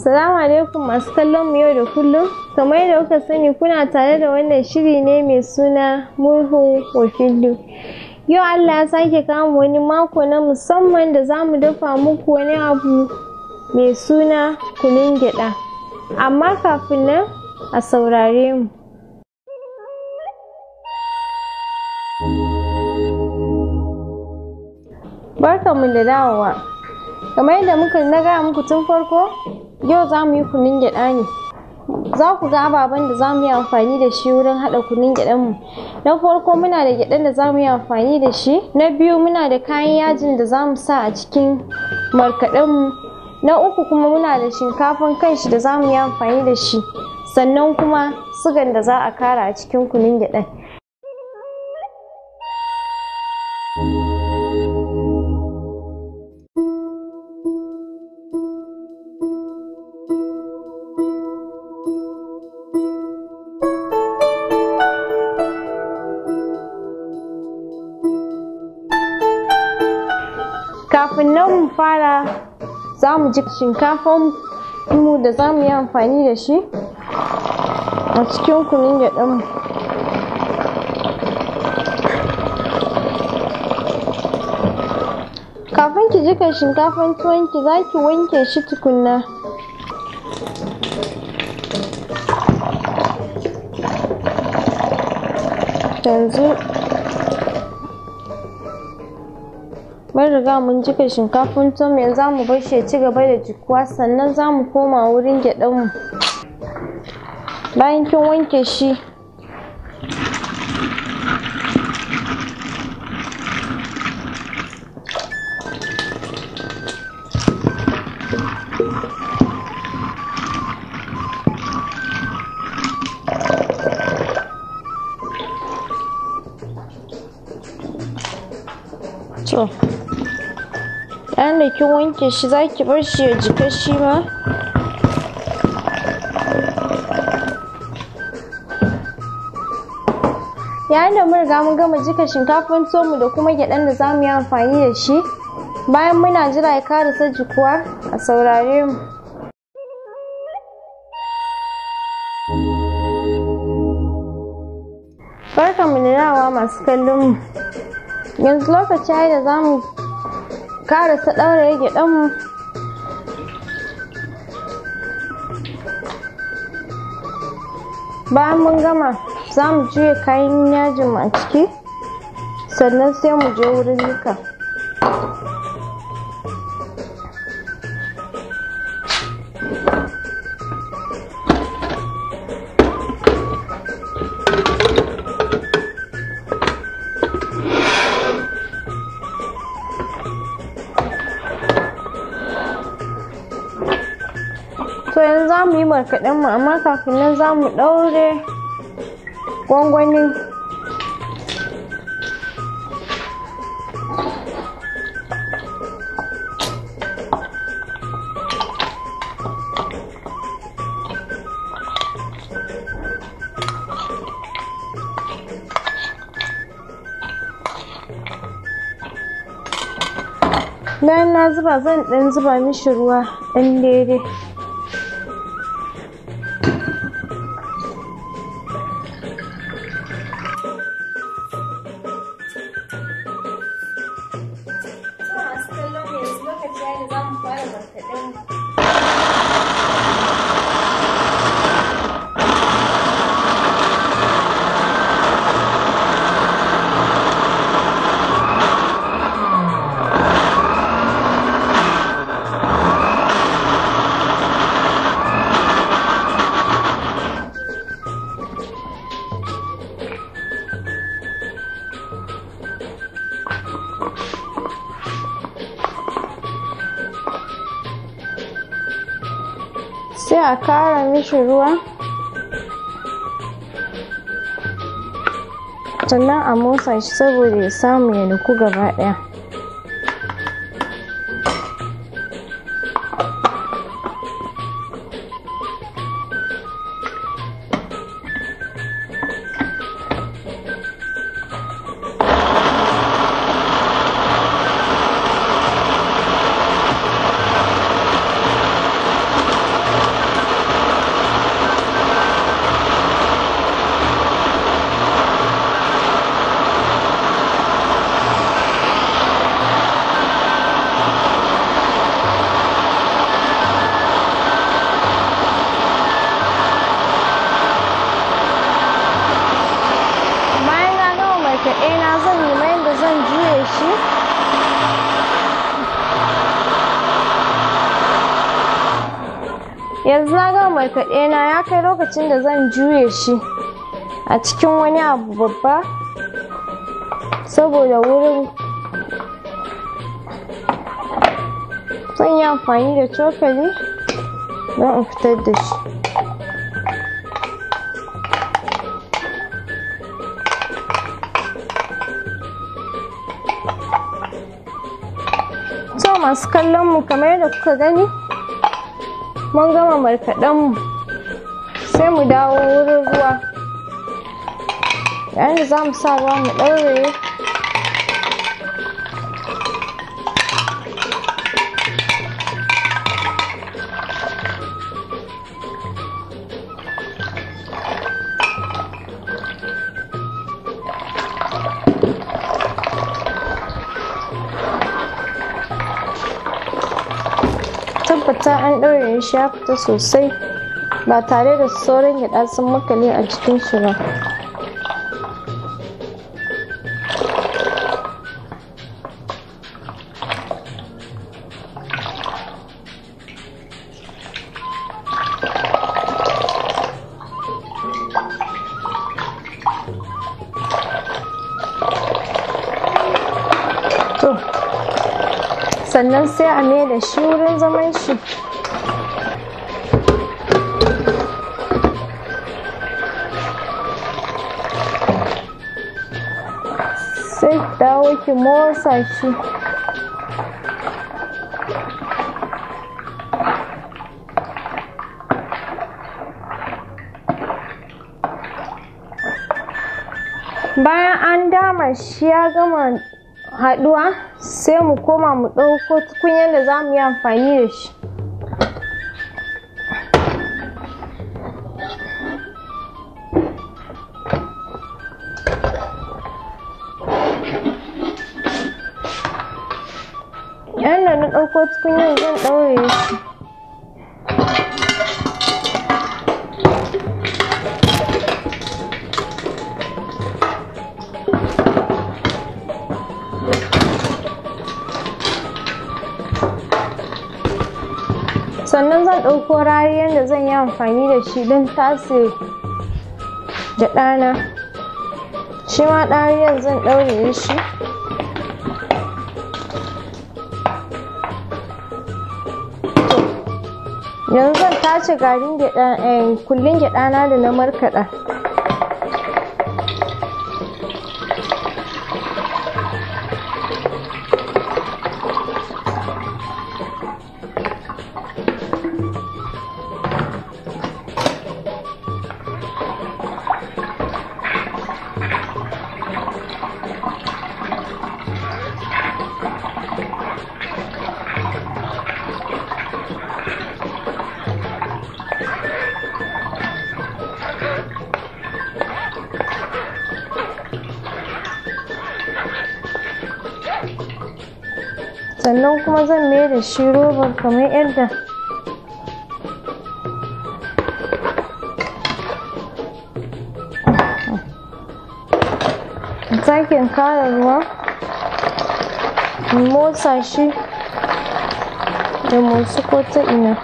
Salamu alaikum masu kallon mu yau da kullum. Kamar yadda kuka sani kuna tare da wannan shiri ne mai suna murhu wafillu. Yau Allah ya sake kawo wani mako na musamman da za mu dafa muku wani abu mai suna kunun gyaɗa. Amma kafin nan a saurare mu. Barkanmu da dawowa. Kamar yadda muka na gaya muku tun farko Yau za mu yi kunun gyaɗa ne. Za ku ga ababen da za mu yi amfani da shi wurin haɗa kunun gyaɗan mu Na farko muna da gyaɗan da za mu yi amfani da shi. Na biyu muna da kayan yajin da za mu sa a cikin mu Na uku kuma muna da shinkafan kanshi da za mu yi amfani da shi. Sannan kuma sugan da za a kara a cikin kunun gyaɗan. shinkafan mu da za mu yi amfani da shi a cikin kunun mu. kafin ki jika shinkafan tuwonki za ki wanke shi tukunna yanzu riga mun jika shinkafin tom yanzu za mu bar shi ya ci gaba da jikuwa sannan za mu koma wurin mu bayan kin wanke shi Oh. Ana da kin wanke shi za ki bar shi ya jika shi ma yayin da murga mun gama jika shinkafin tomu da kuma gyaɗan da za mu yi amfani da shi bayan muna jira ya karasa jikuwa a saurare mu mu da masu kallon mu yanzu lokaci ya da za mu karasa ɗaura rage ɗanmu bayan mun gama za mu juya kayan yajin a ciki sannan sai mu je wurin nika kaɗan mu amma kafin nan za mu ɗaure gwangwanin bayan na zuba zan ɗan zuba mishi ruwa ɗan daidai rashin ruwa sannan a motsa shi saboda ya samu ya nuku gaba ɗaya yanzu na ga markaɗe na ya kai lokacin da zan juye shi a cikin wani abu babba saboda wurin zan yi amfani da cokali don in fitar da shi masu kallon mu kamar yadda kuka gani mun gama markaɗenmu sai mu dawo wurin ruwa yayin da za mu sa ruwa mu ɗaure sa an ɗaure shafta ya fita sosai ba tare da sauran gyaɗa sun makale a cikin shi ba sannan sai a mai da shi wurin zaman shi sai dawo ki motsa shi bayan an dama shi ya gama haɗuwa sai mu koma mu ɗauko tukunyar da za mu yi amfani da shi yadda na ɗauko tukunyar zan ɗaure shi amfani da shi don tasi da ɗana shi ma ɗariyar zan ɗaure shi yanzu zan tace garin eh, kullun na da na markaɗa sannan kuma zan mai da shi robar kamar yadda sake kara ruwa motsa shi da motsi ko ta ina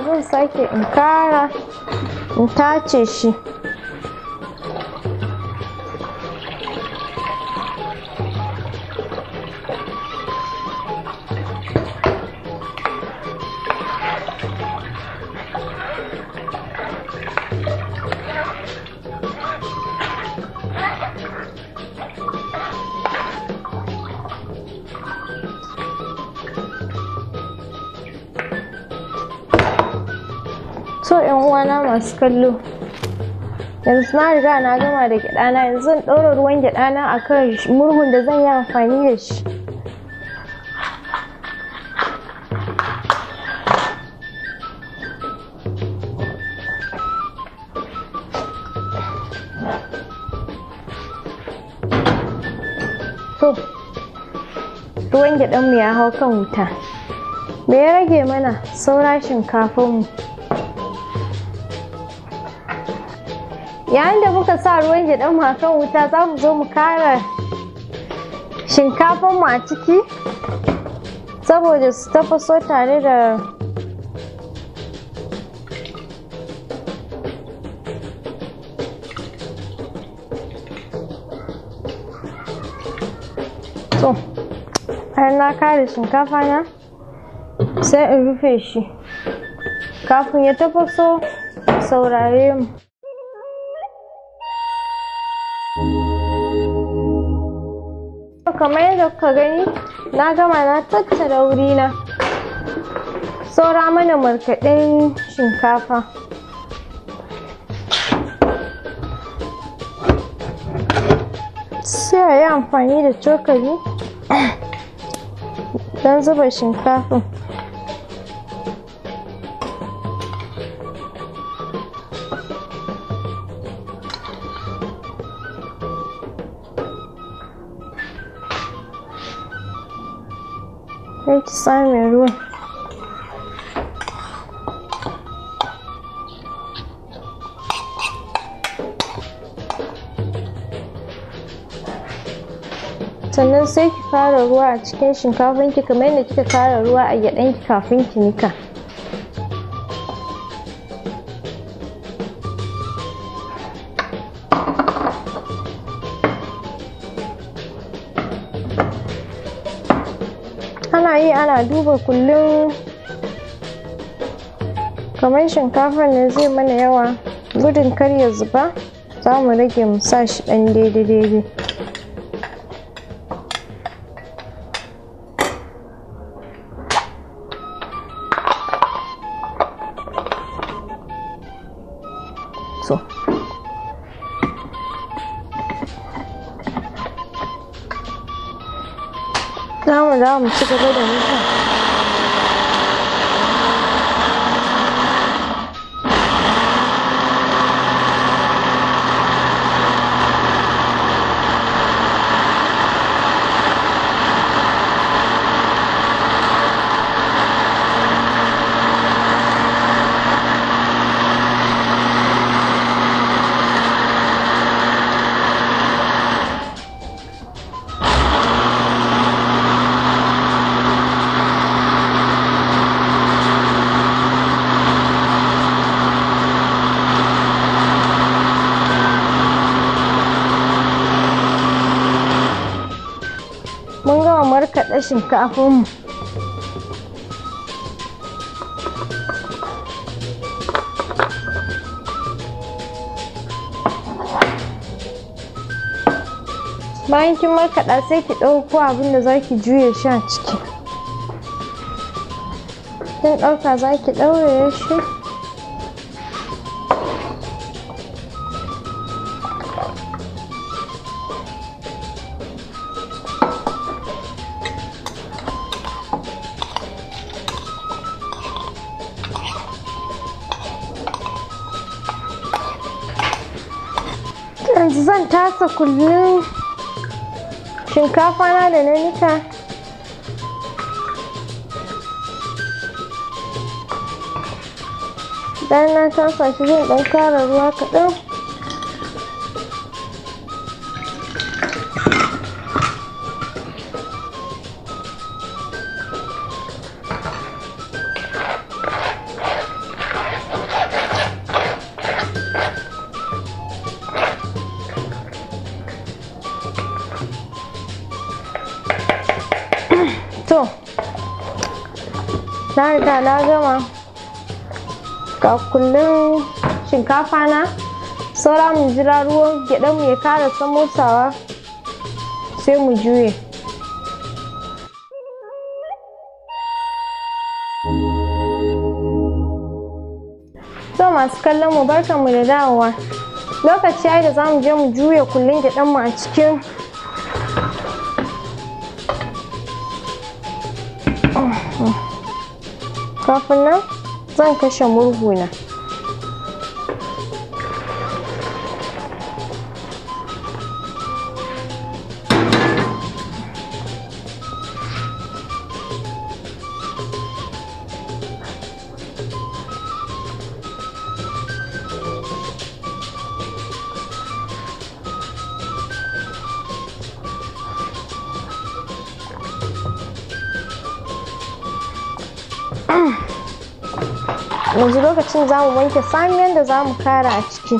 zan sake in kara in tace shi so yan uwana masu kallo yanzu na riga na gama da gyaɗana yanzu zan ɗaura ruwan gyaɗana a kan murhun da zan yi amfani da shi to ruwan gyaɗanmu ya hau kan wuta me ya rage mana saura shinkafinmu yayin da muka sa ruwan gyaɗan mu kan wuta za mu zo mu kara shinkafan mu a ciki saboda su tafaso tare da to bayan na kare shinkafa na sai in rufe shi kafin ya tafaso saurare mu da kuka gani na gama na tattara na saura mana markaɗin shinkafa sai a yi amfani da cokali don zuba shinkafin tsame ruwan sannan sai ki fara ruwa a cikin ki kamar yadda kika fara ruwa a gyaɗanki kafin ki nika ana duba kullum kamar shinkafar ne zai mana yawa gudun kar ya zuba za mu rage mu sa shi ɗan daidai daidai 那我们，那我们去吃点东西。tsintsar shinkafanmu bayan kin markaɗa sai ki ɗauko abin da za ki juye shi a ciki kin ɗauka za ki ɗauraye shi yanzu zan tasa kullum shinkafa na da na nika bayan na tasa shi zan ɗan kara ruwa kaɗan to na riga na gama ga kullum shinkafa na saura mu jira ruwan mu ya kara samosawa sai mu juye to masu kallon mu barkanmu da dawowa lokaci ya da za mu je mu juya gyaɗan mu a cikin kafin nan zan kashe na. yanzu lokacin za mu wanke samiyan da za mu kara a ciki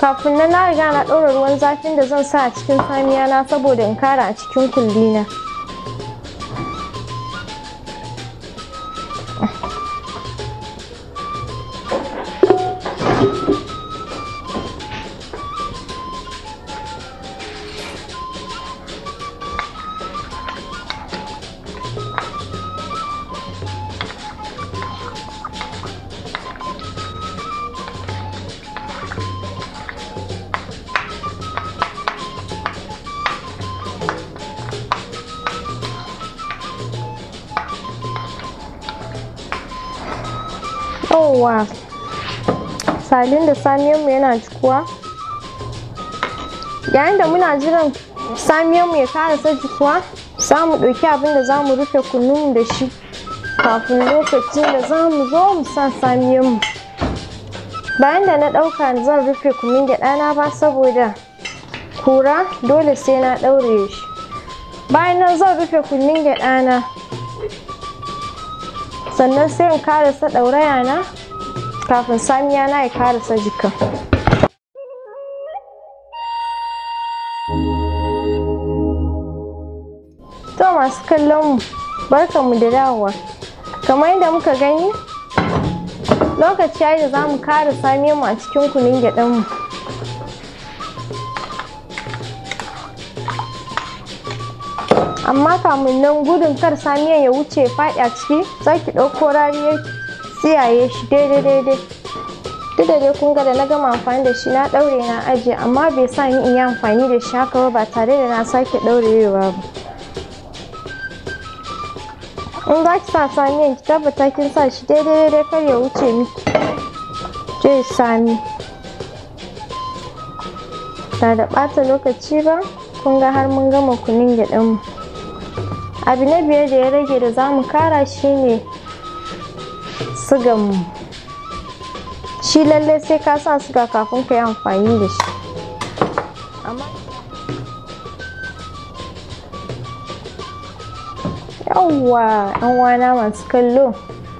kafin na na riga na ɗora ruwan zafin da zan sa a cikin samiya na saboda in kara a cikin kullina. cikowa salin da samiyanmu yana cikowa yayin da muna jiran samiyanmu ya karasa jikuwa za mu ɗauki abin da za mu rufe kunnun da shi kafin lokacin da za mu zo mu sa samiyanmu bayan da na ɗauka zan rufe kunnun gyaɗana ba saboda kura dole sai na ɗaure shi bayan nan zan rufe kunnun gyaɗana sannan sai in karasa ɗauraya na kafin samiya na ya sa jikin to masu kallon mu barkanmu da dawowa kamar yadda muka gani lokaci ya da za mu kara same mu a cikin kunun mu. amma kamun nan gudun kar samiyan ya wuce faɗi a ciki za ki ɗauko rariyar tsiyaye shi daidai daidai duk da dai kun gada na gama amfani da shi na ɗaure na ajiye amma bai sa ni in yi amfani da shi haka ba tare da na sake ɗaurewa ba in za ki sa saniyan ki tabbata kin sa shi daidai daidai kar ya wuce miki zai sami ba da ɓata lokaci ba kun ga har mun gama kunin gyaɗinmu abu na biyar da ya rage da za mu kara shine sigan shi lalle sai ka sa siga kafin ka yi amfani da shi yawwa yan wana masu kallo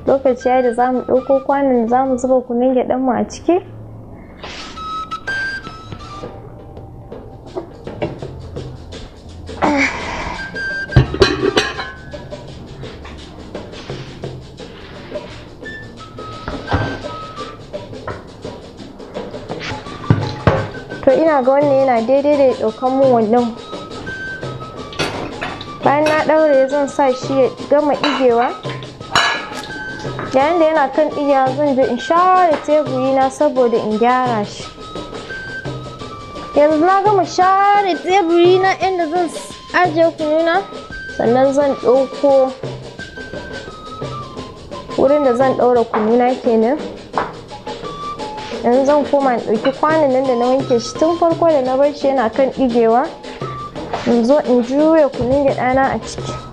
lokaci ya da za mu ɗauko kwanan da za mu zuba kunun gyaɗan mu a ciki daidai da ɗaukan mun wannan bayan na ɗaure zan sa shi ya gama ɗigewa yayin da yana kan ɗigewa zan je in share teburi na saboda in gyara shi yanzu na gama share teburi na inda zan ajiye kununa sannan zan ɗauko wurin da zan ɗaura kununa kenan yanzu zan koma in ɗauki kwanan nan da na wanke shi tun farko da na bar shi yana kan ɗigewa in zo in juya kunun gyaɗa na a ciki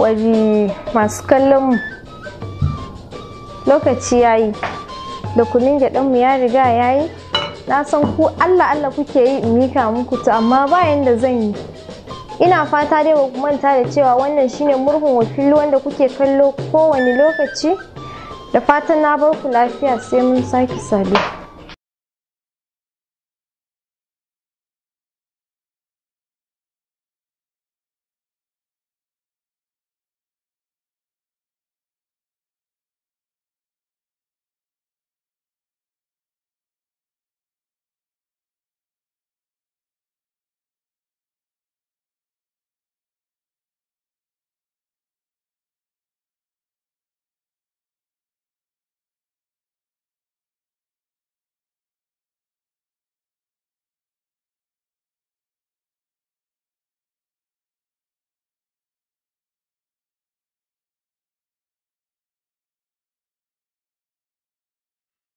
kokari masu kallon mu lokaci ya yi da kunin mu ya riga ya yi na san ku allah allah kuke yi in mika muku ta amma bayan da zan yi ina fata dai ba ku manta da cewa wannan shine murhun wakili wanda kuke kallo kowane lokaci da fatan na bar ku lafiya sai mun sake sadu